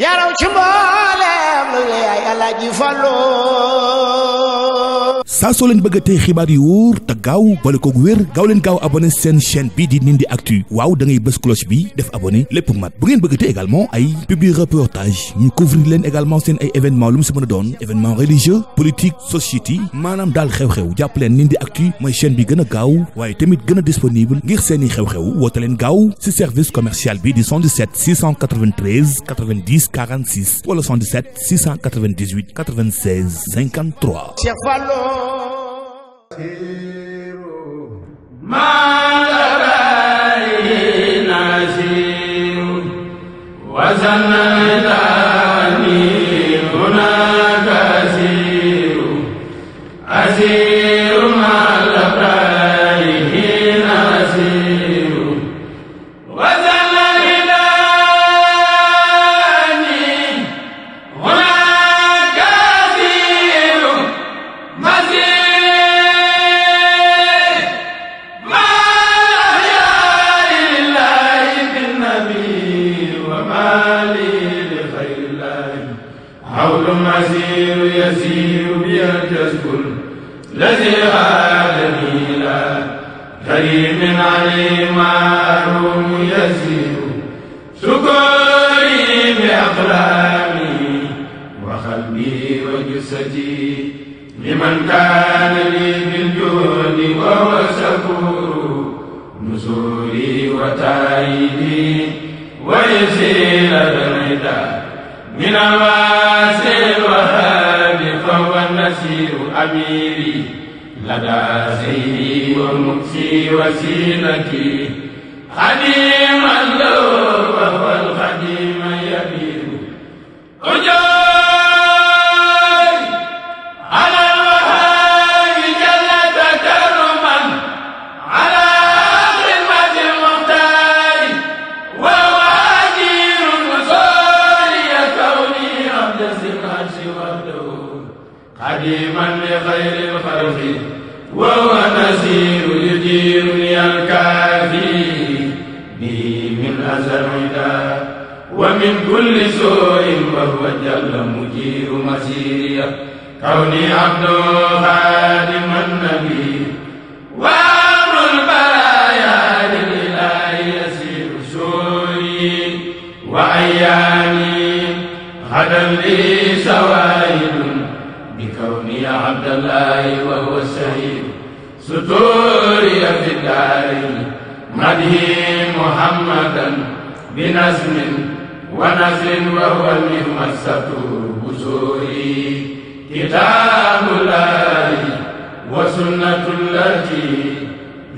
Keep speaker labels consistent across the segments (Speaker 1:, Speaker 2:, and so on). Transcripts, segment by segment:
Speaker 1: yaraw ci mboolem lu yaay Alaaji Fallu
Speaker 2: saa soo leen xibaar yu wóor te gaaw bale koog wér gaaw leen gaaw abonné seen chaîne bii di Ndindy Actu waaw da ngay bës cloche bi def abonné lépp mat bu ngeen bëgg te également ay publi reportage ñu couvrir leen également seen ay événement lu mu si mën a doon événement religieux politique société maanaam daal xew-xew jàpp leen Ndindy Actu mooy chaîne bi gën a gaaw waaye tamit gën a disponible ngir seeni xew-xew woote leen gaaw si service commercial bi di 77 693 90 46 wala 77 698 96 53. Cheikh
Speaker 3: Fallou Maalabaay nasiiru wasanna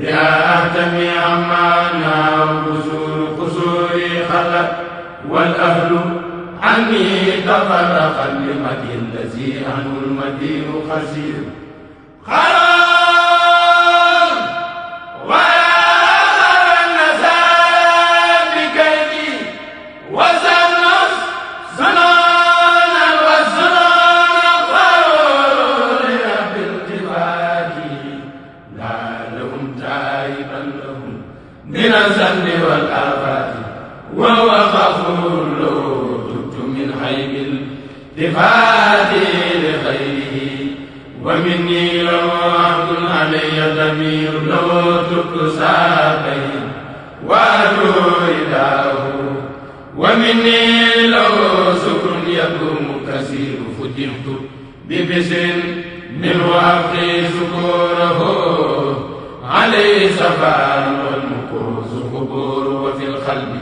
Speaker 3: yaa ahtami amaana qusuur qusuuri xalat wal ahlu anni tafarraqan li madi allazi anhu lmadiinu xasiir هادي لغيره ومني لو عبد علي ضمير لو تكسى بين وأدعو إله ومني لو سكر يدوم كثير فدمت ببسر من وافي سكوره عليه سفان والمكوس قبور وفي القلب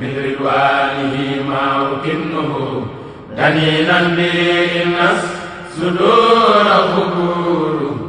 Speaker 3: من رضوانه ما أكنه دليلا به الناس صدور قبور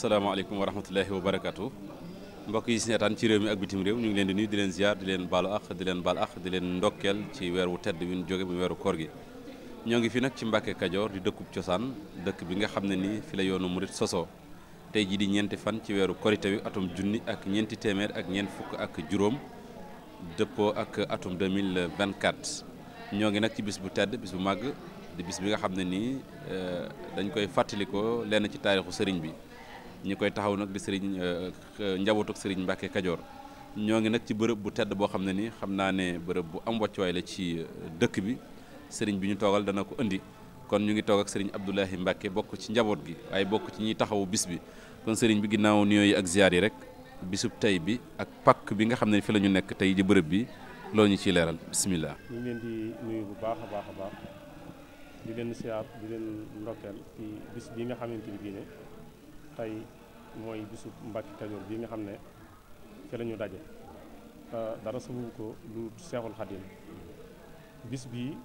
Speaker 4: asalaamaaleykum wa rahmatullahi wa barakaatu mbokk yi si neetaan ci réew mi ak bitim réew ñu ngi leen di nuyu di leen ziar di leen baalu àq di leen baal àq di leen ndokkeel ci weer wu tedd bi ñu jóge bu weeru koor gi ñoo ngi fi nag ci Mbàkke Kajoor di dëkkub cosaan dëkk bi nga xam ne nii fi la yoonu murit sosoo tey jii di ñeenti fan ci weeru korite wi atum junni ak ñeenti téeméer ak ñeent fukk ak juróom dëppoo ak atum 2024 ñoo ngi nag ci bis bu tedd bis bu màgg di bi nga xam ne nii eh, dañ koy fàttalikoo lenn ci taarixu sëriñ bi ñi koy taxaw nag di Serigne euh, euh, njabootuk Serigne Mbacke Kajoor ñoo ngi nag ci bërëb bu tedd boo xam ne ni xam naa ne bërëb bu am wàccuwaay la ci euh, dëkk bi sëriñ bi ñu toogal dana ko indi kon ñu ngi toog ak Serigne Abdoulahi Mbacke bokk ci njaboot gi waaye bokk ci ñiy taxawu bis bi kon Serigne bi ginnaaw nuyoo ak ziar yi rek bisub tey bi ak pàkk bi nga xam ne fi la ñu nekk tey ji bërëb bi loolu ñu ci leeral bisimilah.
Speaker 5: ñu bu baax a baax a baax di leen siyaar nga xamante tey mooy bisu Mbàkke Kajoor bi nga xam ne ci la ñu daje dara sababu ko lu Seexul Xadiim bis bi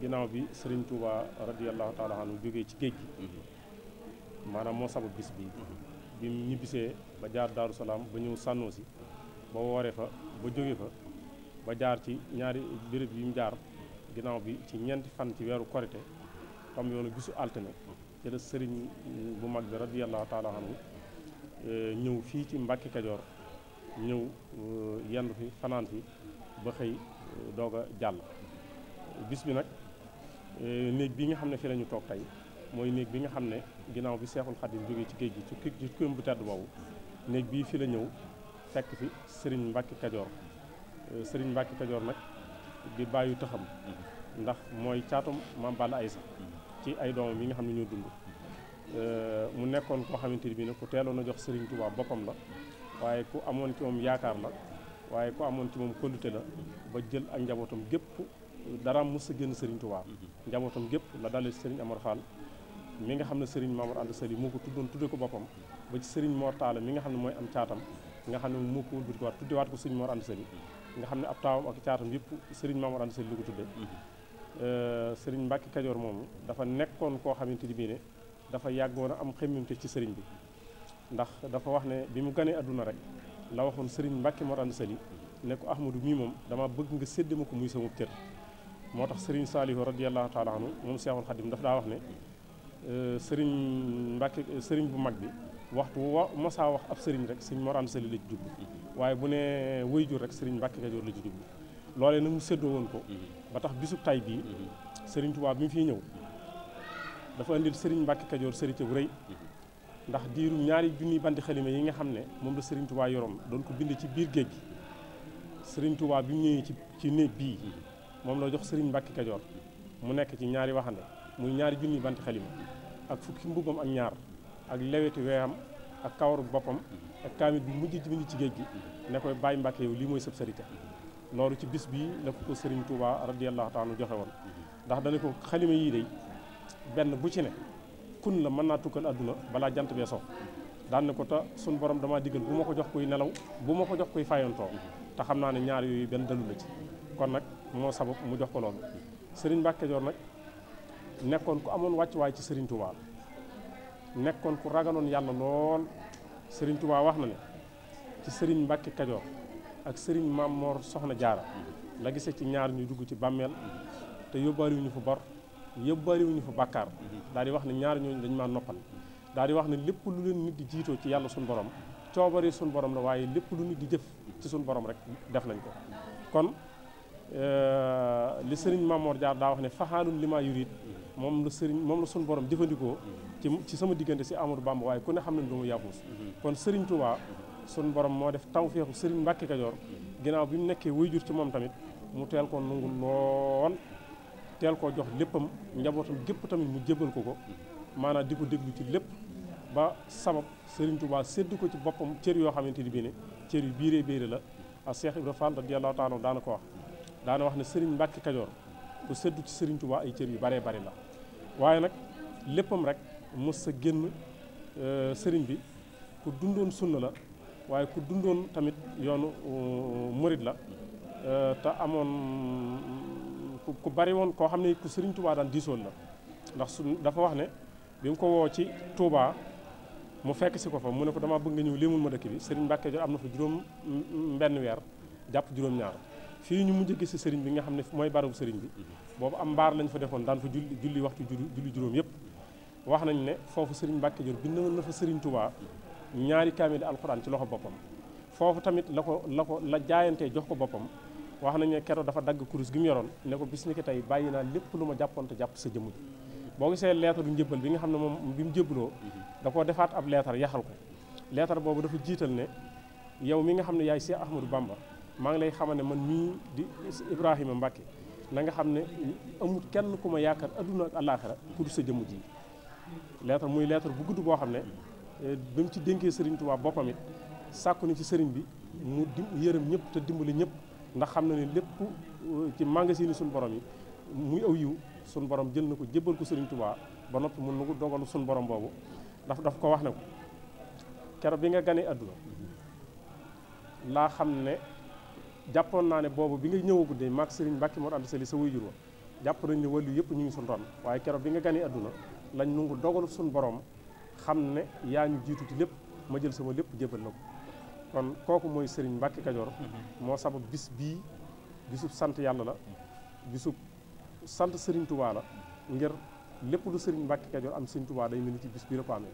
Speaker 5: ginnaaw bi Sëriñ Tuuba radiyallahu taala anhu jógee ci géej gi maanaam moo sabab bis bi bi mu ñibbisee ba jaar Daaru Salaam ba ñëw sànnoo si ba wooree fa ba jóge fa ba jaar ci ñaari béréb yi mu jaar ginnaaw bi ci ñeenti fan ci weeru korite tam yoonu bisu altine ci la sëriñ euh, bu mag bi radiyallahu taala anhu euh, ñëw fii ci Mbàkke Kajoor ñëw euh, yendu fi fanaan fi ba xëy doog a jàll bis bi nag néeg bi nga xam ne fi la ñu toog tey mooy néeg bi nga xam ne ginnaaw bi Seexul Xadim jógee ci géej gi ci kii ci kuréel bu tedd boobu néeg bii fi la ñëw fekk fi sëriñ Mbàkke Kajoor sëriñ Mbàkke Kajoor nag di bàyyi taxam ndax mooy caatum Maam Balla Aysa ci ay doomam yi nga xam ne ñoo dund euh, mu nekkoon koo xamante ni bii nag ku teeloon a jox sëriñ Touba boppam la waaye ku amoon ci moom yaakaar la waaye ku amoon ci moom kóllute la ba jël ak njabootam gépp dara mos a génn Serigne Touba mm-hmm. njabootam gépp la dalee Serigne Amar Fall mi nga xam ne sëriñ Mamour Anta Sali moo ko tuddoon tudde ko boppam ba ci Serigne Mor Talla mi nga xam ne mooy am caatam nga xam ne moo ko wëlbatiwaat tuddewaat ko Serigne Mor Anta Sali nga xam ne ab taawam ak caatam yëpp Serigne Mamour Anta Sali li ko Euh, sëriñ Mbàkke Kajoor moomu dafa nekkoon koo xamante ni bii ne dafa yàggoon a am xemmimte ci sëriñ bi ndax dafa wax ne bi mu ganee àdduna rek la waxoon sëriñ Mbàkke Mor Anta Sali ne ko Ahmadu mii moom dama bëgg nga sédd ko muy sama cër moo tax sëriñ Saalihu radiyallahu taala anhu moom Seexul Xadim dafa daa wax ne euh, sëriñ Mbàkke sëriñ bu mag bi waxtu wa mosaa wax ab sëriñ rek sëriñ Mor Anta Sali la ci waaye bu ne wëy jur rek sëriñ Mbàkke Kajoor la ci bi loole nag mu séddoo woon ko mhm. ba tax bisub tay bii mhm. sëriñ Touba bi mu fi ñëw dafa indil sëriñ Mbacke Kajoor sërite bu rëy mhm. ndax diiru ñaari junni bandi xalima yi nga xam ne moom la Serigne Touba yoroon doon ko bind ci biir géej gi Serigne bi ñuy ci ci néeg bii moom la jox Serigne Mbacke Kajoor mu nekk ci ñaari waxande muy ñaari junni banti xalima ak fukki mbubbam ak ñaar ak lewetu weexam ak kawaru boppam ak kaamit bu mujj bi ci géej gi nekkooy koy bàyyi lii mooy sëb sërite loolu ci bis bii la ko Serigne Touba radiyallahu taala joxe woon ndax dana ko xalima yii day benn bu ci ne kun la mën naa tukkal àdduna balaa jant bee so daan na ko te suñ borom damaa diggal bu ma ko jox koy nelaw bu ma ko jox koy fayoontoo te xam naa ne ñaar yooyu benn dalu la ci kon nag moo sabab mu jox ko loolu sëriñ Mbacke Dior nag nekkoon ku amoon wàccuwaay ci Serigne Touba nekkoon ku ragaloon yàlla lool sëriñ Touba wax na ne ci Serigne Mbacke Kajoor ak sëriñ Maam Moor Soxna Jaara la gise ci ñaar ñu dugg ci bàmmeel te yóbbaaliwuñu fa bor yóbbaaliwuñu fa bàkkaar daal di wax ne ñaar ñooñu dañ maa noppal daa di wax ne lépp lu leen nit di jiitoo ci yàlla suñu borom coobari suñu borom la waaye lépp lu nit di jëf ci suñu borom rek def nañ ko kon euh, li sëriñ Maam Moor Jaara daa wax ne faxaalun li maa yurit moom la sëriñ moom la suñu borom jëfandikoo ci ci sama diggante si Amadou Bamba waaye ku ne xam ne du ma yàquus kon sëriñ Touba sunu borom moo def tawféexu Serigne Mbacke Kajoor ginnaaw bi mu nekkee wayjur ci moom tamit mu teel koo nangu lool teel koo jox léppam njabootam gépp tamit mu jébbal ko ko maanaa di ko déglu ci lépp ba sabab Serigne Touba sédd ko ci boppam cër yoo xamante ni bii ne cër yu biiree biire la a ak Cheikh Ibrahima Fall radiyallahu taala daana ko wax daana wax ne sëriñ mbakki Kajoor ku séddu ci Serigne Touba ay cër yu baree bari la waaye nag léppam rek mos sa génn euh, bi ku dundoon sunna waaye ku dundoon tamit yoonu euh, murit la euh, te amoon ku bari woon koo xam ne ku Serigne Touba daan diisoon la ndax su dafa wax ne bi mu ko woo ci Touba mu fekk si ko fa mu ne ko dama bëgg nga ñëw léemul ma dëkk bi Serigne Mbacke Dior am na fa juróom mbenn mm, weer jàpp juróom-ñaar fii ñu mujj gis si Serigne bi nga xam ne mooy barabu Serigne bi boobu mbaar lañ fa defoon daan fa julli julli waxtu julli juróom yëpp wax nañ ne foofu Serigne Mbacke Dior bind na fa Serigne Touba ñaari kaamil alxuraan ci loxo boppam foofu tamit la ko la ko la jaayantee jox ko boppam wax nañ ne keroog dafa dagg kurus gi mu yoroon ne ko bis tey bàyyi naa lépp lu ma jàppoon jàpp sa jëmm ji boo gisee leetaru njëbbal bi nga xam ne moom bi mu jëbbaloo da koo defaat ab leetar yaxal ko leetar boobu dafa jiital ne yow mi nga xam ne yaay Cheikh Ahmadou Bamba maa ngi lay xamal ne man mii di Ibrahima Mbacke na nga xam ne amul kenn ku ma yaakaar adduna ak àllaaxira sa jëmm ji leetar muy leetar bu gudd boo xam ne Euh, ba mu ci dénkee sëriñ Tuubaa boppamit it sàkku ni ci sëriñ bi mu di yërëm ñëpp te dimbali ñëpp ndax xam na ne lépp euh, ci magasin suñu borom yi muy aw yiw suñu borom jël na ko jébbal ko sëriñ tubaa ba nopp mën na ko dogalu suñu borom boobu daf daf ko wax ne ko keroog bi nga ganee àdduna laa xam ne jàppoon naa ne boobu bi nga ñëwagu de maag sëriñ Mbàkke Mor Anta Sali sa wayjur wa jàpp nañ ne wàllu yëpp ñu ngi suñu ron waaye keroog bi nga ganee àdduna lañ nungu dogalu suñu borom xam ne yaa ñu jiitu ci lépp ma jël sama lépp jébal la ko kon kooku mooy Serigne Mbacke Kajoor mm-hmm. moo sabab bis bii bisub sant yàlla la bisub sant sëriñ Touba la ngir lépp lu Serigne Mbacke Kajoor am Serigne Touba day mel ni ci bis bii la ko amee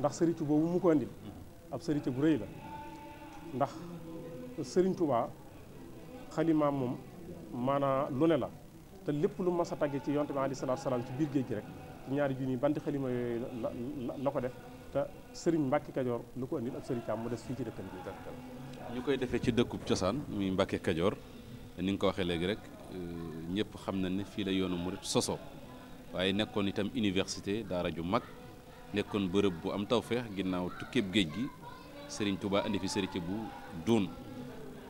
Speaker 5: ndax Serigne Touba boobu mu ko mm-hmm. ab Serigne bu rëy la ndax Serigne Touba xalimaam moom maanaa lu ne la te lépp lu mas a tagge ci yonte bi aleyhi salaatu salaam ci biir géej gi rek ñaari junni banti xalima yooyu la la ko def te sëriñ Mbacke Kajoor lu ko indil ak sëriñ Thiam mu des fii ci dëkkam
Speaker 4: ñu koy defee ci dëkkub cosaan muy Mbacke Kajoor ni nga ko waxee léegi rek euh, ñëpp xam na ni fii la yoonu murit soso waaye nekkoon itam université daara ju mag nekkoon bërëb bu am tawféex ginnaaw tukkeeb géej gi sëriñ tubaa indi fi sëriñ bu duun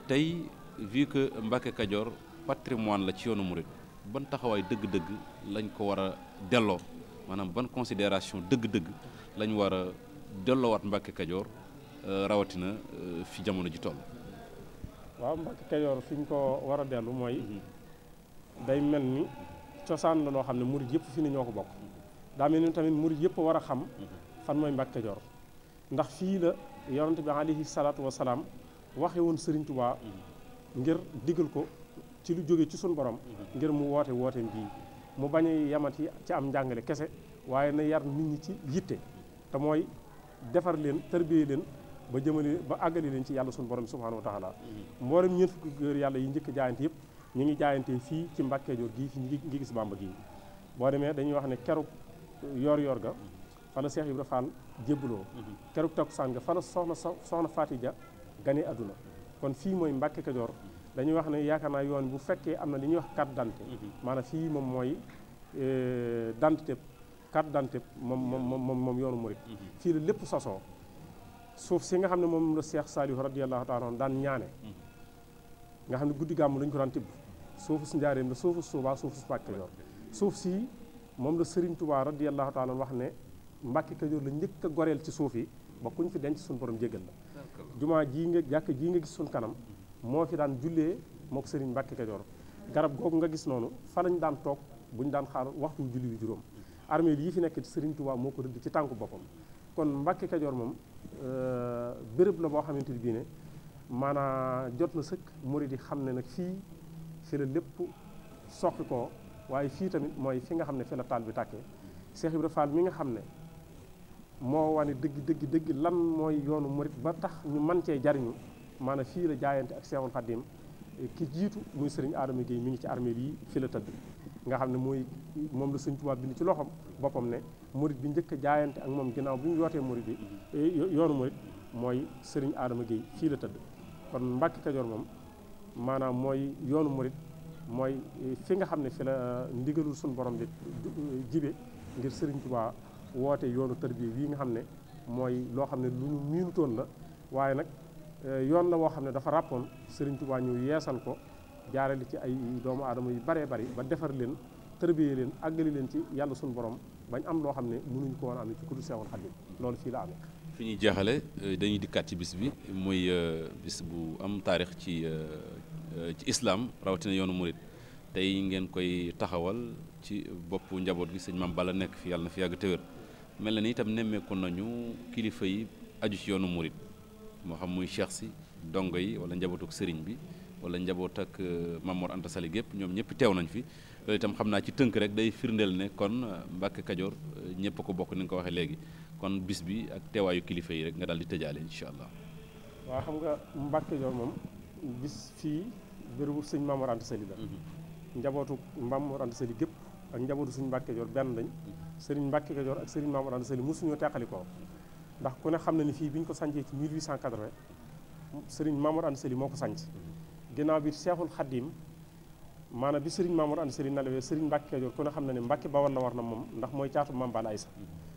Speaker 4: tey vu que Mbacke Kajoor patrimoine la ci yoonu murit ban taxawaay dëgg-dëgg lañ ko war a delloo maanaam ban considération dëgg-dëgg la ñu war a delloowaat Mbàkke Kajoor euh, rawatina euh, fi jamono ji toll.
Speaker 5: waaw Mbàkke Kajoor fi ñu ko war a dellu mooy mhm. day mel ni cosaan la loo xam ne murit yëpp fi ni ñoo ko bokk daa mel ni tamit murit yëpp war a xam mhm. fan mooy Mbàkke Kajoor ndax fii la yonent bi alayhi salaatu salaam waxe woon Serigne Touba mhm. ngir digal ko ci lu jóge ci suñu borom ngir mu woote wooteem bii mu bañ a yamat ci am njàngale kese waaye na yar nit ñi ci yitte te mooy defar leen tërbiyee leen ba jëmale ba àggale leen ci yàlla suñu borom subhanahu wa taala mm-hmm. mboolem ñeent fukki góor yàlla yi njëkk jaayante yëpp ñu ngi jaayante fii ci Mbàkke gi gii fi ngi gis Bàmba gii boo demee dañuy wax ne kerug yoor yoor ga fa la Seex Ibra Faal jébbuloo mm-hmm. kerug takkusaan ga fa la soxna soxna Faati Ja gane àdduna kon fii mooy Mbàkke dañuy wax ne yaakaar naa yoon bu fekkee am na li ñuy wax carte d'identité mhm. maana fii moom mooy euh, d'identité carte d'identité moom moom moom moom yoonu murit mhm. fii la lépp sosoo suuf si nga xam ne moom la Seex Saalihu radiyallahu taala daan ñaane mhm. nga xam ne guddi gàmm lañu ko daan tibb suufu si njaareem la suufu suubaa Tuubaa suufu si Mbàkke suuf si moom la Sëriñ Tuubaa radiyallahu taala wax ne Mbàkke Kajoor la njëkk a goreel ci suuf yi ba kuñ fi denc suñu borom jégal la jumaa jii nga jàkk jii nga gis suñ kanam moo fi daan jullee moo sëriñ Mbàkke Kajoor garab googu nga gis noonu fa lañ daan toog bu ñu daan xaar waxtu julli wi juróom armée yi fi nekk sëriñ Tuubaa moo ko rëdd ci tànk boppam kon Mbàkke Kajoor moom euh, béréb la boo xamante ni bii ne maanaam jot na sëkk murid yi xam ne nag fii fi la lépp soqi ko waaye fii tamit mooy fi nga xam ne fi la taal bi tàkkee Cheikh Ibra Fall mi nga xam ne moo wane dëgg dëgg dëgg lan mooy yoonu murid ba tax ñu man cee jariñu maanaa fii la jaayante ak Seexul Xaddim ki jiitu muy sëriñ Adama Gueye mu ngi ci armée yi fii la tëdd nga xam ne mooy moom la sëñ Tuubaa bind ci loxoom boppam ne murit bi njëkk a jaayante ak moom ginnaaw bi ñu yootee murit bi yoonu murit mooy sëriñ Adama Gueye fii la tëdd kon Mbàkke Kajoor moom maanaam mooy yoonu murit mooy eh, fi nga xam ne fi la eh, ndigalul suñu borom bi eh, jibe ngir sëriñ Tuubaa woote yoonu tërbiye wii nga xam ne mooy loo xam ne lu ñu miinutoon la waaye nag Euh, yoon la woo xam ne dafa ràppoon Serigne Touba ñu yeesal ko jaarale ci ay doomu aadama yu baree bari ba defar leen tërbiyee leen àggali leen ci yàlla suñu borom bañ am loo xam ne mënuñ ko woon am ci ku dul Seexul Xadiim loolu fii la amee. fi ñuy jeexale euh,
Speaker 4: dañuy dikkaat ci bis bi muy euh, bis bu am taarix ci ci islam rawatina yoonu murit tey ngeen koy taxawal ci boppu njaboot gi sëñ Maam Balla nekk fi yàlla na fi yàgg te mel na ni itam nemmeeku nañu kilifa yi aju ci yoonu moo xam muy cheikh si dongo yi wala njabootuk sëriñ bi wala njaboot ak euh, Mamor Anta Sali gépp ñoom ñëpp teew nañ fi loolu itam xam naa ci tënk rek day firndeel ne kon euh, Mbàkke Kajoor euh, ñëpp ko bokk ni ko waxee léegi kon bis bi ak teewaayu kilifa yi rek nga daal di tëjaale incha allah.
Speaker 5: waaw xam nga Mbàkke Kajoor moom bis fii bérébu sëñ Mamor Anta Sali la. Mhm. njabootu Mamor Anta Sali gépp ak njabootu suñ Mbàkke Kajoor benn lañ. Mhm. sëriñ Mbàkke Kajoor ak sëriñ Mamor Anta Sali mosuñoo teqali ko ndax ku ne xam na ni fii bi ñu ko sancee ci 1880 sëriñ Mamour Anta Sali moo ko sanc ginnaaw bi Seexul Xaddiim maanaam bi sëriñ Mamour Anta Sali nalawee sëriñ Mbàkke Kajoor ku ne xam na ne Mbàkke Bawol la war na moom ndax mooy caatu Maam Balla Aysa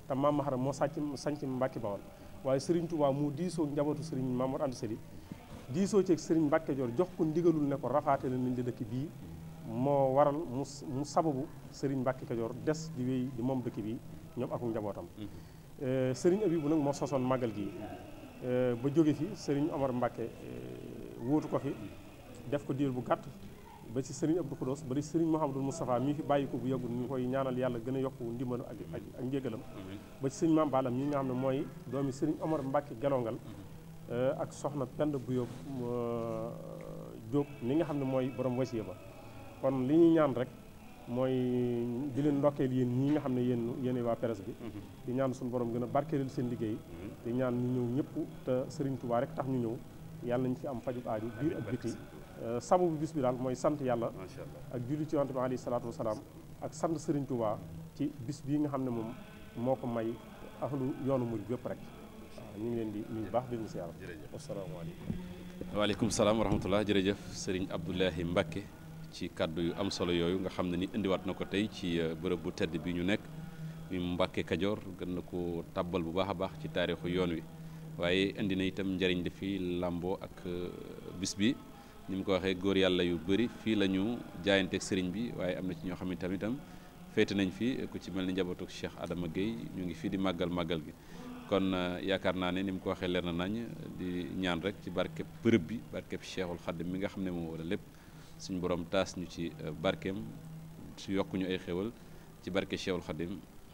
Speaker 5: te Maam Maharam moo sànc sanc Mbàkke Bawol waaye sëriñ Touba mu diisoo njabootu sëriñ Mamour Anta Sali diisoo ceeg sëriñ Mbàkke Kajoor jox ko ndigalul ne ko rafaate la nañ di dëkk bii moo waral mu mu sababu sëriñ Mbàkke Kajoor des di wéy di moom dëkk bi ñoom ak njabootam mm-hmm. Euh, sëriñ Abibu nag moo sosoon màggal gi euh, ba jóge fi sëriñ Omar Mbàkke euh, wóotu ko fi def ko diir bu gàtt ba ci sëriñ Abdou Khoudoss ba ci sëriñ Mouhamadou Moustapha mii fi bàyyi ko bu yàggul ñu koy ñaanal yàlla gën a yokku ndimbalu ak ak njégalam ba ci sëriñ Maam Balla mii nga xam ne mooy doomi sëriñ Omar Mbàkke gelongal ak soxna Penda Buyo Jóob mi nga xam ne mooy borom wasiya ba kon li ñuy ñaan rek mooy di leen ndokkeel yéen ñii nga xam ne yéen yéen waa presse bi mm-hmm. di ñaan suñu borom gën a barkeelal seen liggéey mm-hmm. di ñaan ñu ñëw ñëpp te Serigne Touba rek tax ñu ñëw yàlla nañ fi am fajub aaju biir ak biti euh, sama bu bis bi daal mooy sant yàlla ak julli ci yonent bi alayhi salaatu wasalaam ak sant Serigne Touba ci bis bii nga xam ne moom moo ko may ahlu yoonu murid bépp rek ñu ngi leen di nuyu baax di leen siyaar wasalaamaaleykum
Speaker 4: waaleykum salaam wa rahmatullah jërëjëf Serigne Abdoulahi Mbacke ci kàddu yu am solo yooyu nga xam ne ni indiwaat na ko tey ci euh, bërëb bu tedd bi ñu nekk muy Mbàkke Kajoor gën na ko tàbbal bu baax a baax ci taarixu yoon wi waaye indi na itam njëriñ li fi làmboo ak euh, bis bi ni mu ko waxee góor yàlla yu bëri fii la ñu jaayanteeg sëriñ bi waaye am na ci ñoo xam ne itam féete nañ fii ku ci mel ni njabootu Cheikh Adama Guèye ñu ngi fii di màggal màggal gi kon euh, yaakaar naa ne ni mu ko waxee leer na nañ di ñaan rek ci barkeb bërëb bi barkeb Cheikhul Xadim mi nga xam ne moo lépp suñu boroom taas ñu ci euh, barkeem su yokk ay xéwal ci barke Cheikhul Khadim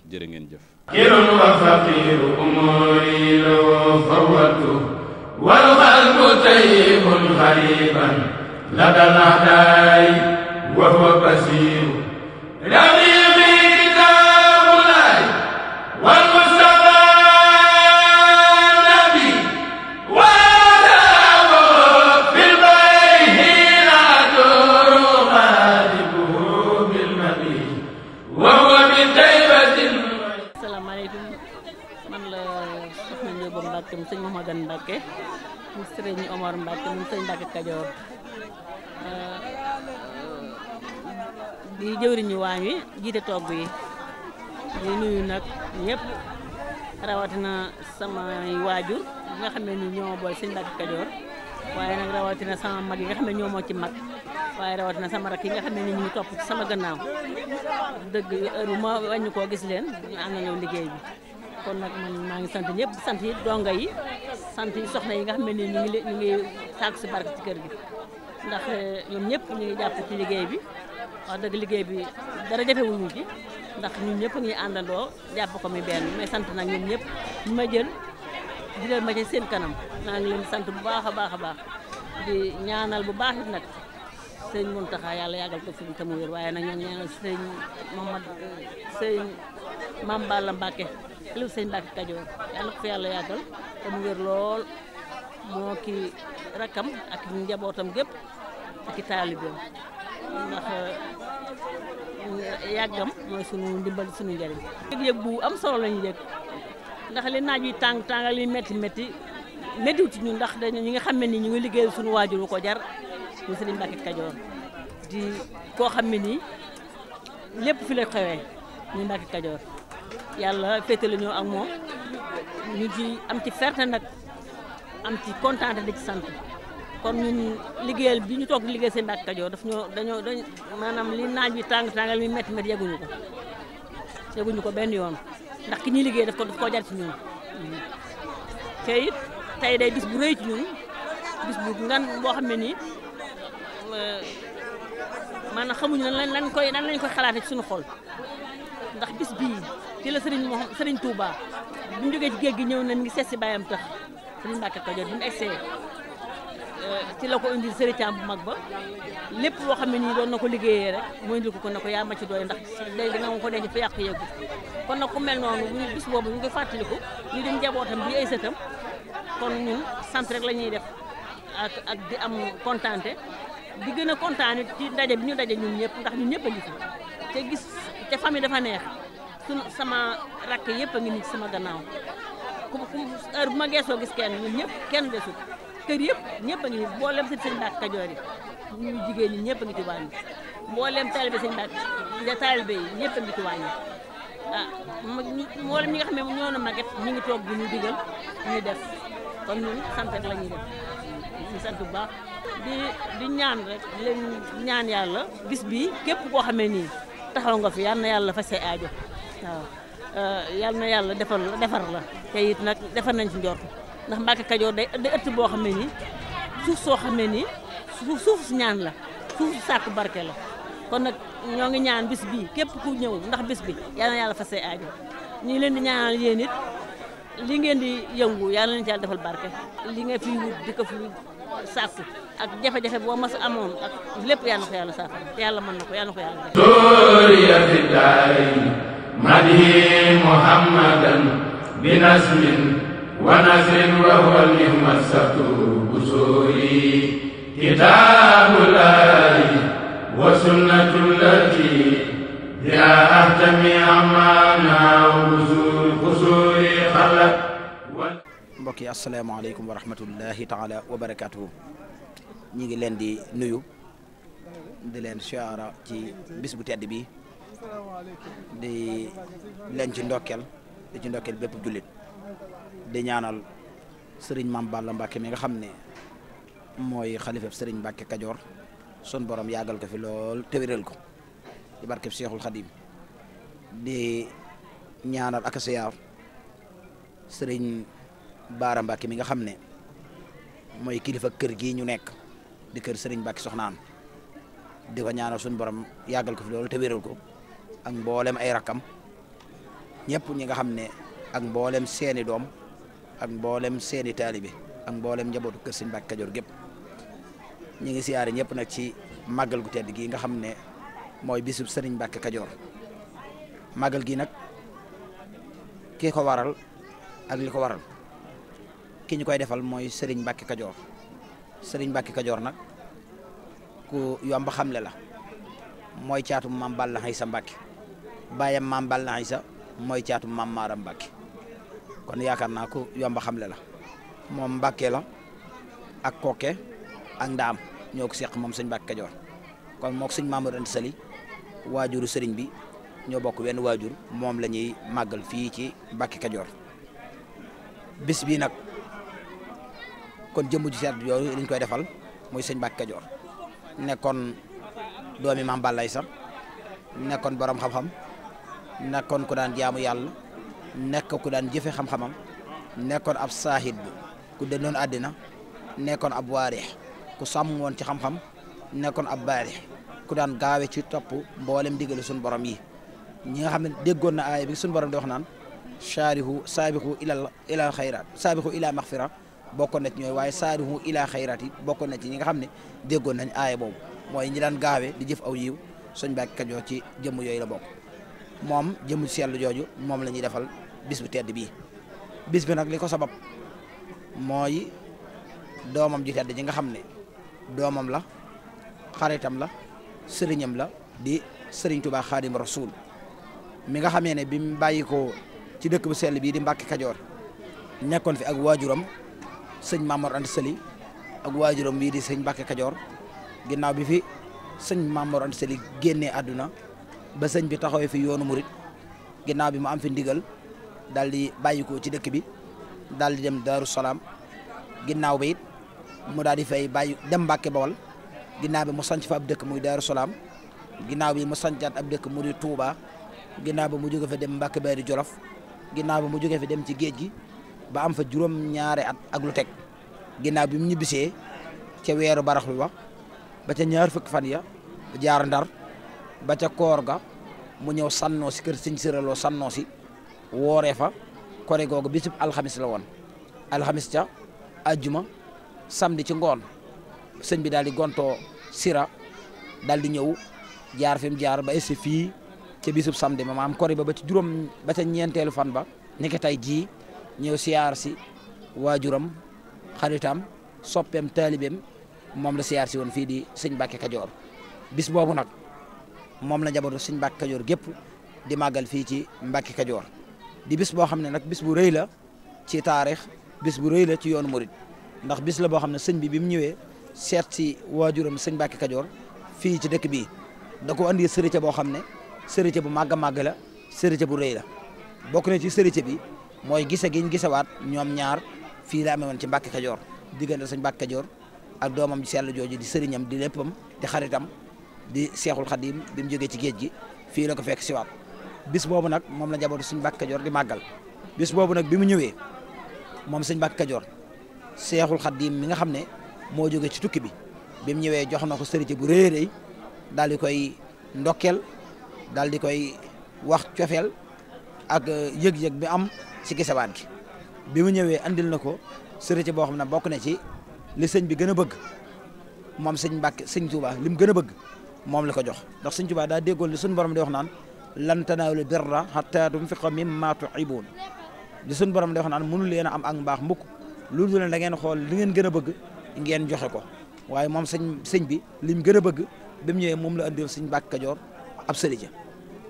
Speaker 4: jërë ngeen jëf
Speaker 3: kirun wa faqiru umuri loo fawatu wal xalbu tayyibun xariban ladanadaay wa huwa basir
Speaker 6: sëriñ Omar Mbacke moom sëriñ Mbacke Kajoor euh, di jëwriñu waañ wi jiite togg yi di nuyu nag ñëpp rawatina samay waajur nga xam ne ni ñoo boy sëriñ Mbacke Kajoor waaye nag rawatina sama mag yi nga xam moo ci mag waaye rawatina sama rakk yi nga xam ne ni ñu ngi topp ci sama gannaaw dëgg heure ma wàññi koo gis leen ñu àndal liggéey bi. kon nag man maa ngi sant ñëpp di sant yi donga yi sant yi soxna yi nga xam ne ni ñu ngi ñu ngi sàkku si ci kër gi ndax eh, ñoom ñëpp ñu ngi jàpp ci liggéey bi wax dëgg liggéey bi dara jafewuñu ci ndax ñun ñëpp ngi àndandoo jàpp ko mi benn mais sant nag ñun ñëpp ñu ma jël di leen ma seen kanam maa ngi leen sant bu baax a baax a baax di ñaanal bu baax it nag sëñ Muntaxa yàlla yàggal ko fi mu te wér waaye nag ñoo ñaanal sëñ Mamad eh, sëñ maam Balla Mbacke xalifa sëñ Mbacke Kajoor yàlla ko fi yàlla yàggal te mu lool moo ki rakkam ak njabootam gépp ak i taalibeem ndax euh, yàggam mooy sunu ndimbal sunu njëriñ. yëg-yëg bu am solo la ñu yëg ndax li naaj wi tàng tàngal metti métti métti méttiwut ñu ndax dañu ñi nga xam ne nii ñu ngi liggéeyal sunu waajur ko jar mu sëriñ Mbacke Kajoor di koo xam ne nii lépp fi la xewee ñu Mbacke Kajoor. yàlla féetale ñoo ak moom ñu ci am ci ferte nag am ci kontaan di ci sant kon ñun liggéeyal bi ñu toog di liggéey seen Mbàkke Kajoor daf ñoo dañoo dañ maanaam li naaj bi tàng tàngal mi métti métti ko benn yoon ndax ñuy liggéey daf ko daf koo jar ci ñun te it tey day bis bu rëy ci ñun xam ne nii euh, maanaam xamuñu lan lañ koy lan lañ koy xalaatee ci suñu xol ndax bis bii ci la sëriñ moom sëriñ Touba bu ñu jógee ci géeg gi ñëw na mi ngi seet si bàyyam tax sëriñ Mbacke Kajoor bi mu egsee euh, ci la ko indi sëriñ Thiam bu mag ba lépp loo xam ne nii doon na ko liggéeyee rek mu indil ko na ko yaa ma ci doole ndax léegi danga ma ko denc fa yàqu yeggu kon nag boobu ñu koy fàttaliku ni di njabootam bi ay setam kon ñun sant rek la ñuy def ak ak di am kontaante di gën a kontaan ci ndaje bi ñu daje ñun ñëpp ndax ñun ñëpp a ngi fi te gis. te famille dafa neex suñ sama rakk yëpp a ngi nii sama gannaaw ku heure bu ma geesoo gis kenn ñun ñëpp kenn desut kër yëpp ñëpp a ngi nii mboolem si sëñ Mbàkke Kajoor yi ñu jigéen ñi ñëpp a ngi ci wàññi mboolem taalibe sëñ Mbàkke de a ngi ci wàññi ah nga xam ne ñoo na maget ñu ngi toog bu ñu digal ñu def kon ñun sant rek ñuy def ñu sant bu baax di di ñaan rek leen ñaan yàlla bis bi képp koo xamee nii taxaw nga fi yal na yàlla faj say aajo waaw euh, yal na yàlla defal la defar la te it nag defar nañ ci njort ndax Mbàkke Kajoor de day ëtt boo xam ne nii suuf soo xam ne nii suuf suuf si ñaan la suuf si barke la kon nag ñoo ngi ñaan bis bii képp ku ñëw ndax bis bi yal na yàlla faj say aajo ñu ngi leen di ñaanal yéen it ngeen di yëngu yal na leen ci yàlla defal barke li fi wut di ko fi sàkku ak jafe-jafe boo mas amoon ak lépp yàlla ko yàlla saafara te yàlla mën na ko yàlla ko yàlla def
Speaker 3: suuriya fi daari madi muhammadan bi nasmin wa nasrin wa huwa nihma sabtu busuri kitaabullahi wa sunnatullati
Speaker 1: yaa ahtami
Speaker 7: amaana wa busuri xalat mbokk yi asalaamaaleykum wa rahmatullahi taala wa barakaatuhu ñi ngi leen di nuyu di leen siyaara ci bis bu tedd bi di leen ci ndokkeel di ci ndokkeel bépp jullit di ñaanal sëriñ mam Balla Mbàkke mi nga xam ne mooy xalifab sëriñ Mbàkke Kajoor sun borom yàggal ko fi lool téwéral ko di barkeb Seexul Xadim di ñaanal ak siyaar sëriñ Baara Mbacke mi nga xam ne mooy kilifa kër gii ñu nekk di kër sëriñ Mbacke soxnaam di ñaan ñaanal suñu borom yàggal ko fi loolu te wéral ko ak mboolem ay rakkam ñëpp ñi nga xam ne ak mboolem seeni doom ak mboolem seeni taalibe ak mboolem njabootu kër Serigne gépp ñi ngi siyaare ñëpp nag ci màggal gu tedd gii nga xam ne mooy bisu sëriñ Mbacke Kajoor màggal gi nag ki ko waral ak li ko waral. ki ñu koy defal mooy Serigne Mbacke Kajoor Serigne Mbacke Kajoor nag ku yomb xamle la mooy caatum maam Balla Aysa Mbacke baayam maam Balla Aysa mooy caatum maam Maara Mbacke kon yaakaar naa ko yomb xamle la moom Mbacke la ak kokke ak ndaam ñoo ko seq moom sëñ Mbacke Kajoor kon mook sëñ Mamadou Anta Sali waajuru sëriñ bi ñoo bokk wenn waajur moom la ñuy màggal fii ci Mbacke Kajoor bis bii nag kon jëmb ji sedd yooyu lañ koy defal mooy sëñ Mbàkke Kajoor nekkoon doomi Maam Balla nekkoon borom xam-xam nekkoon ku daan jaamu yàlla nekk ku daan jëfe xam-xamam nekkoon ab saahid bi ku dëndoon àddina nekkoon ab waarix ku sàmm woon ci xam-xam nekkoon ab baarix ku daan gaawe ci topp mboolem digale suñu borom yi ñi nga xam ne déggoon na aaya bi suñu borom di naan naan saabi saabiqu ilal ilal xayraat saabiqu ila maxfira bokkoon na ci ñooy waaye saarihu ilaa xayraat yi bokkoon na ci ñi nga xam ne déggoon nañ aaya boobu mooy ñi daan gaawee di jëf aw yiw sëñ Mbàkke Kajoor ci jëmm yooyu la bokk moom jëmm sell jooju moom la ñuy defal bis bu tedd bii bis bi nag li ko sabab mooy doomam ju tedd ji nga xam ne doomam la xaritam la sëriñam la di sëriñ Tuubaa Xaadim Rasuul mi nga xamee ne bi mu bàyyi ci dëkk bu sell bii di Mbàkke Kajoor nekkoon fi ak waajuram sëñ Mamor Anta Sali ak waajuram bii di sëñ Mbacke Kajoor ginnaaw bi fi sëñ Mamor Anta Sali génnee àdduna ba sëñ bi taxawee fi yoonu murit ginnaaw bi mu am fi ndigal daal di bàyyikoo ci dëkk bi daal di dem Daaru Salaam ginnaaw bi it mu daal di fay bàyyi dem Mbacke Bawol ginnaaw bi mu sanc fa ab dëkk muy Daaru Salaam ginnaaw bi mu sancaat ab dëkk mu di Touba ginnaaw bi mu jóge fa dem Mbacke Bari Jolof ginnaaw bi mu jóge fa dem ci géej gi ba am fa juróom-ñaari at ak lu teg ginnaaw bi mu ñibbisee ca weeru baraxlu ba ba ca ñaar fukki fan ya jaar ndar ba ca koor ga mu ñëw sannoo si kër sëñ sëraloo sannoo si wooree fa kore googu bisub alxamis la woon alxamis ca ajjuma samedi ci ngoon sëñ bi daal di gontoo sira daal di ñëw jaar fi mu jaar ba esse fii ca bisub samedi ma maam kori ba ba juróom ba ca ñeenteelu fan ba nekk jii ñëw siyaar si waajuram xaritam soppeem taalibeem moom la siyaar si woon fii di sëñ Mbàkke Kajoor bis boobu nag moom la njabootu sëñ Mbàkke Kajoor gépp di màggal fii ci Mbàkke Kajoor di bis boo xam ne nag bis bu rëy la ci taarix bis bu rëy la ci yoonu murit ndax bis la boo xam ne sëñ bi bi mu ñëwee seet si waajuram sëñ Mbàkke Kajoor fii ci dëkk bi da ko andi sërite boo xam ne sërite bu màgg a màgg la sërite bu rëy la bokk na ci sërite bi mooy gise giñ gisewaat ñoom ñaar fii la amee ci Mbàkke Kajoor diggante sëñ Mbàkke Kajoor ak doomam sell jooju di sëriñam di léppam di xaritam di seexul xadim bi mu jógee ci géej gi fii la ko fekk siwaat bis boobu nag moom la njabootu sëñ Mbàkke Kajoor di màggal bis boobu nag bi mu ñëwee moom sëñ Mbàkke Kajoor seexul xadim mi nga xam ne moo jóge ci tukki bi bi mu ñëwee jox na ko sëriñ bu rëy rëy daal di koy ndokkeel daal di koy wax cofeel ak yëg bi am si gisawaat gi bi mu ñëwee andil na ko sërëcë boo xam ne bokk na ci li sëñ bi gën a bëgg moom sëñ Mbàkke sëñ Tuubaa li mu gën a bëgg moom la ko jox ndax sëñ Tuubaa daa déggoon li suñ borom di wax naan lan tanaalu birra hatta tunfiqu ay tuhibbuun li suñ borom di wax naan mënu leen a am ak mbaax mbukk loolu la da ngeen xool li ngeen gën a bëgg ngeen joxe ko waaye moom sëñ sëñ bi li gën a bëgg bi mu ñëwee moom la andil sëñ Mbàkke Kajoor ab sërëcë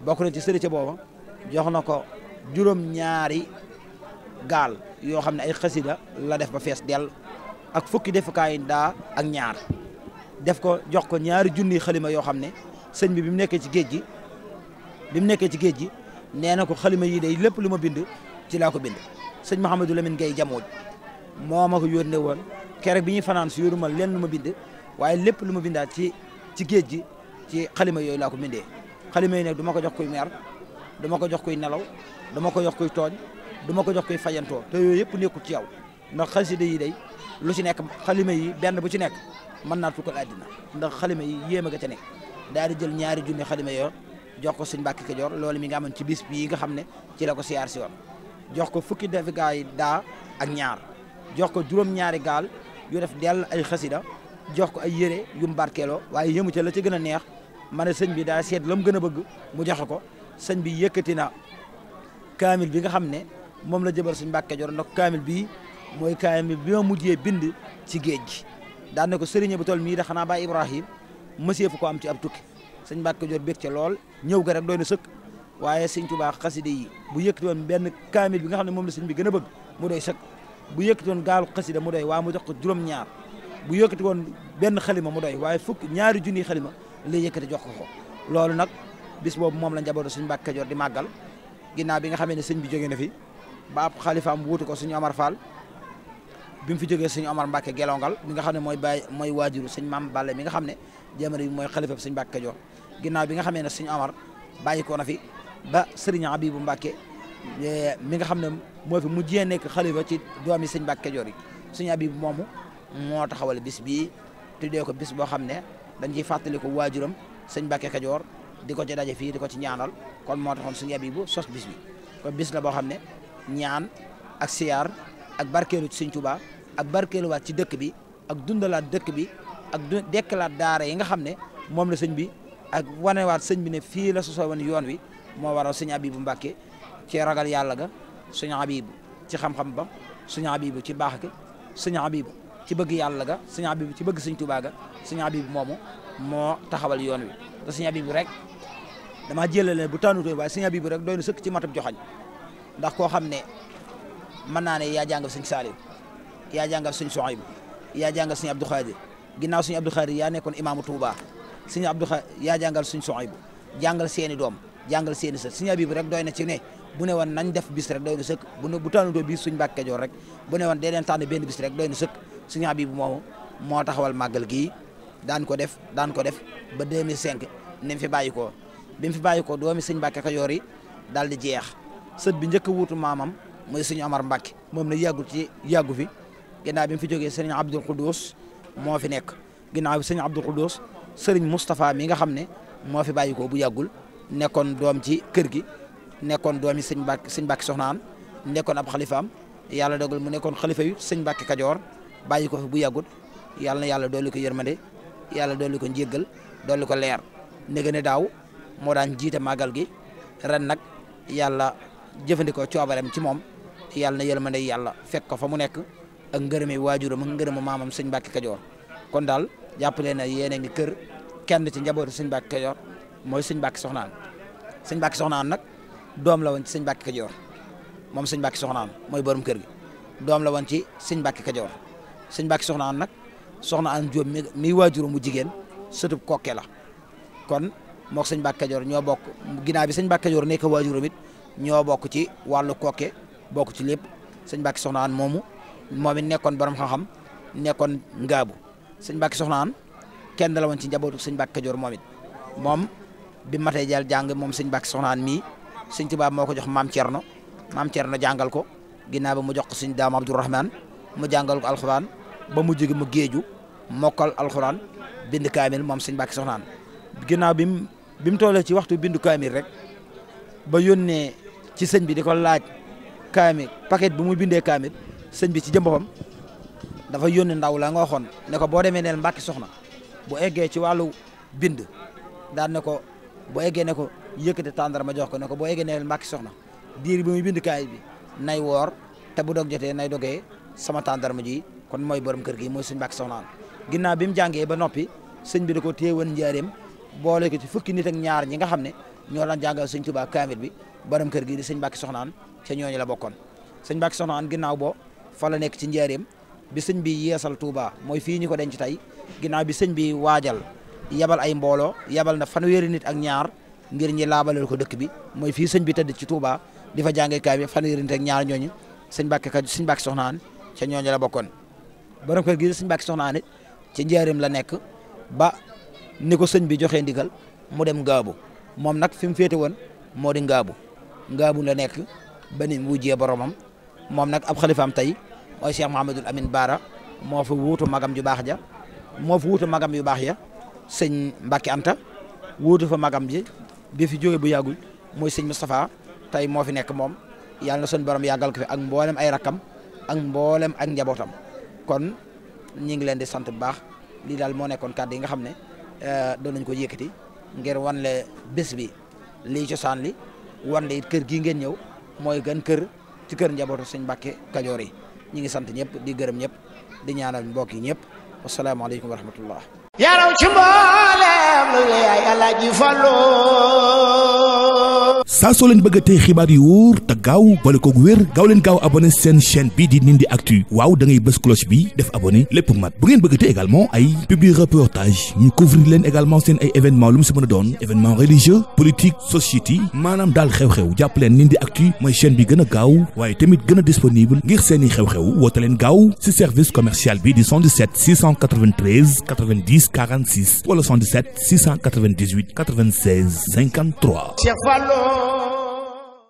Speaker 7: bokk na ci juróom-ñaari gaal yoo xam ne ay xasida la def ba fees dell ak fukki defukaay daa ak ñaar def ko jox ko ñaari junni xalima yoo xam ne sëñ bi bi mu nekkee ci géej gi bi mu nekkee ci géej gi nee na ko xalima yi dey lépp lu ma bind ci laa ko bind sëñ Mouhamadou Lamine Gueye jamooj moo ma ko yónnee woon keroog bi ñuy fanaan si yóoruma lenn lu ma bind waaye lépp lu ma bindaat ci ci géej gi ci xalima yooyu laa ko bindee xalima yi nag du ma ko jox kuy mer dama ko jox kuy nelaw dama ko jox kuy tooñ dama ko jox fajantoo te yooyu yëpp nekkul ci yow ndax xasida yi day lu ci nekk xalima yi benn bu ci nekk mën naa tukkal àddina ndax xalima yi yéem a ga ca nekk daal di jël ñaari junni xalima yoo jox ko suñ mbàkki loolu mi nga amoon ci bis bii nga xam ne ci la ko siyaar si woon jox ko fukki defi gaa yi daa ak ñaar jox ko juróom-ñaari gaal yu def dell ay xasida jox ko ay yére yu mu barkeeloo waaye yëmu ca la ci gën a neex ma ne sëñ bi daa la mu gën a bëgg mu joxe ko sëñ bi yëkkati na kaamil bi nga xam ne moom la jabar suñ Mbàkke Kajoor ndox kaamil bii mooy kaamil bi ma mujjee bind ci géej gi daan na ko sëriñ bu toll mii da xanaa baa Ibrahim mësee fu ko am ci ab tukki sëñ Mbàkke Kajoor bég ci lool ñëw ga rek doy na sëkk waaye sëñ Tuubaa xaside yi bu yëkkati woon benn kaamil bi nga xam ne moom la sëñ bi gën a bëgg mu doy sëkk bu yëkkati woon gaalu xasida mu doy waaye mu jox ko juróom-ñaar bu yëkkati woon benn xalima mu doy waaye fukk ñaari junni xalima lay yëkkati jox ko ko bis boobu moom la njabootu suñ Mbàkke Kajoor di màggal ginnaaw bi nga xamee ne sëñ bi jógee na fi ba ab xalifaam wuutu ko suñu Omar Fall bi mu fi jógee suñu Omar Mbàkke gelongal mi nga xam ne mooy baay mooy waajuru suñ Maam Balla mi nga xam ne jamono bi mooy xalifa suñ Mbàkke Kajoor bi nga xamee ne suñu Omar bàyyi ko na fi ba sëriñ Abibu Mbàkke eh, mi nga xam ne moo fi mujjee nekk xalifa ci doomi sëñ Mbàkke Kajoor yi suñu Abibu moomu moo taxawal bis bii tuddee ko bis boo xam ne dañ ciy fàttali ko waajuram sëñ Mbàkke Kajoor di ko ci daje fii di ko ci ñaanal kon moo taxoon suñu yab yi bu sos bis bi kon bis la boo xam ne ñaan ak siyaar ak barkeelu ci Sëñ Tuubaa ak barkeeluwaat ci dëkk bi ak dundalaat dëkk bi ak du dekkalaat daara yi nga xam ne moom la sëñ bi ak wanewaat sëñ bi ne fii la sosoo woon yoon wi moo waral sëñ Abibu Mbàkke ci ragal yàlla ga sëñ Abibu ci xam-xam ba sëñ Abibu ci baax ga sëñ Abibu ci bëgg yàlla ga sëñ Abibu ci bëgg Sëñ Tuubaa ga sëñ moomu moo taxawal yoon wi te sëñ Abibu rek damaa jëlale bu tànnutoo waaye sëñ Abibu rek doy na sëkk ci matab joxañ ndax koo xam ne mën naa ne yaa jàngal sëñ Saaliw yaa jàngal sëñ Soxaybu yaa jàngal sëñ Abdou Khadir ginnaaw sëñ Abdou Khadir yaa nekkoon imaamu Touba sëñ Abdou Khadir yaa jàngal sëñ Soxaybu jàngal seeni doom jàngal seeni sët sëñ Abibu rek dooy na ci ne bu ne woon nañ def bis rek doy na sëkk bu ne suñ Mbàkke Kajoor bu ne woon dee leen tànn benn bis rek doy na sëkk sëñ Abibu moomu moo taxawal màggal gii daan ko def daan ko def ba 2005 ni mu fi bàyyi koo fi bàyyi koo doomi sëñ Mbàkke Kajoor yi daal di jeex sët bi njëkk a wuutu maamam mooy sëñ Amar Mbàkke moom la yàggu ci yàggu fi ginnaaw bi mu fi jógee sëriñ Abdul Xuduus moo fi nekk ginnaaw bi sëñ Abdul Xuduus sëriñ Moustapha mi nga xam ne moo fi bàyyi bu yàggul nekkoon doom ci kër gi nekkoon doom yi sëñ Mbàkke sëñ Mbàkke soxnaam nekkoon ab xalifaam yàlla dogal mu nekkoon xalifa yu sëñ Mbàkke Kajoor bàyyi ko fi bu yàggut yàlla na yàlla doolu ko yërmande yàlla dolli ko njéggal dolli ko leer ndege ne daaw moo daan jiite màggal gi ren nag yàlla jëfandikoo coobareem ci moom yàlla na yërmande yàlla fekk ko fa mu nekk ak ngërëmi waajuram ak ngërëmu maamam sëñ Mbàkke Kajoor kon daal jàpp leen ne yéen a ngi kër kenn ci njabootu sëñ Mbàkke Kajoor mooy sëñ Mbàkke Soxnaan sëñ Mbàkke Soxnaan nag doom la woon ci sëñ Mbàkke Kajoor moom sëñ Mbàkke Soxnaan mooy borom kër gi doom la woon ci sëñ Mbàkke Kajoor sëñ Mbàkke Soxnaan nag soxna Anta Diop mi mi waajuru mu jigéen sëtub kokke la kon mook sëñ Mbàkke Kajoor ñoo bokk ginnaaw bi sëñ Mbàkke Kajoor nekk waajuram it ñoo bokk ci wàllu kokke bokk ci lépp sëñ Mbàkke soxna Anta moomu moom it nekkoon borom xam nekkoon ngaabu sëñ Mbàkke soxna kenn la woon ci njabootu sëñ Mbàkke Kajoor moom bi matee jël jàng moom sëñ Mbàkke soxna Anta mii sëñ Tuubaa moo ko jox maam Cerno maam Cerno jàngal ko ginnaaw bi mu jox ko sëñ Daam Abdourahman mu jàngal ko alxuraan ba mu jigi mu géeju mokkal alxuraan bind kaamil moom sëñ Mbàkke Soxnaan ginnaaw bi mu bi mu tollee ci waxtu bindu kaamil rek ba yónnee ci sëñ bi di ko laaj kaamil paket bi muy bindee kaamil sëñ bi ci jëm boppam dafa yónni ndaw la nga waxoon ne ko boo demee neel Mbàkke Soxna bu eggee ci wàllu bind daan ne ko boo eggee ne ko yëkkati tàndar ma jox ko ne ko boo eggee neel Mbàkke Soxna diir bi muy bind kaamil bi nay woor te bu dog jotee nay dogee sama tàndar ma ji kon mooy borom kër gi mooy sëñ Mbàkke Soxna ginnaaw bi mu jàngee ba noppi sëñ bi da ko téewoon njaareem boole ko ci fukki nit ak ñaar ñi nga xam ne ñoo daan jàngal sëñ Tuubaa kaamil bi borom kër gi di sëñ Mbàkke Soxna ca ñooñu la bokkoon sëñ Mbàkke Soxna ginnaaw boo fa la nekk ci njaareem bi sëñ bi yeesal Touba mooy fii ñu ko denc tey ginnaaw bi sëñ bi waajal yabal ay mbooloo yabal na fanweeri nit ak ñaar ngir ñi laabalal ko dëkk bi mooy fii sëñ bi tëdd ci Touba di fa jàngee bi fanweeri nit ak ñaar ñooñu sëñ Mbàkke ka sëñ ca ñooñu la bokkoon borom kër gi sëñ Mbàkke soxna Anit ci njaareem la nekk ba ni ko sëñ bi joxe ndigal mu dem ngaabu moom nag fi mu féete woon moo di ngaabu ngaabu la nekk ba ni mu wujjee moom nag ab xalifaam tey mooy Cheikh Mouhamadul Amin Baara moo fa wuutu magam ju baax ja moo fa wuutu magam yu baax ya sëñ Mbàkke Anta wuutu fa magam ji bi fi jógee bu yàggul mooy sëñ Moustapha tey moo fi nekk moom yàlla na suñu borom yàggal ko fi ak mboolem ay rakkam ak mboolem ak njabootam. kon ñi ngi leen di sant bu baax lii daal moo nekkoon kàddu yi nga xam ne euh, doon nañ ko yëkkati ngir wan le bés bi lii cosaan li wan le it kër gi ngeen ñëw mooy gën kër ci kër njabootu Sëñ Mbàkke Kajoor yi ñi ngi sant ñëpp di gërëm ñëpp di ñaanal mbok yi ñëpp wasalaamaaleykum wa rahmatullah yaraw ci mboolem lu yaay Alaaji Fallu
Speaker 2: saa soo leen bëgg a xibaar yu wóor te gaaw boole koog wér gaaw gaaw abonné seen chaîne bii di Ndindy Actu waaw da ngay bës cloche bi def abonné lépp mat bu ngeen bëgg a tey également ay publi reportage ñu couvrir leen également seen ay événement lu mu si mën a doon événement religieux politique société maanaam daal xew-xew jàpp leen Ndindy Actu mooy chaîne bi gën a gaaw waaye tamit gën a disponible ngir seen i xew-xew woote leen gaaw si service commercial bi di 77 693 90 46 wala 77 698 96
Speaker 1: 53.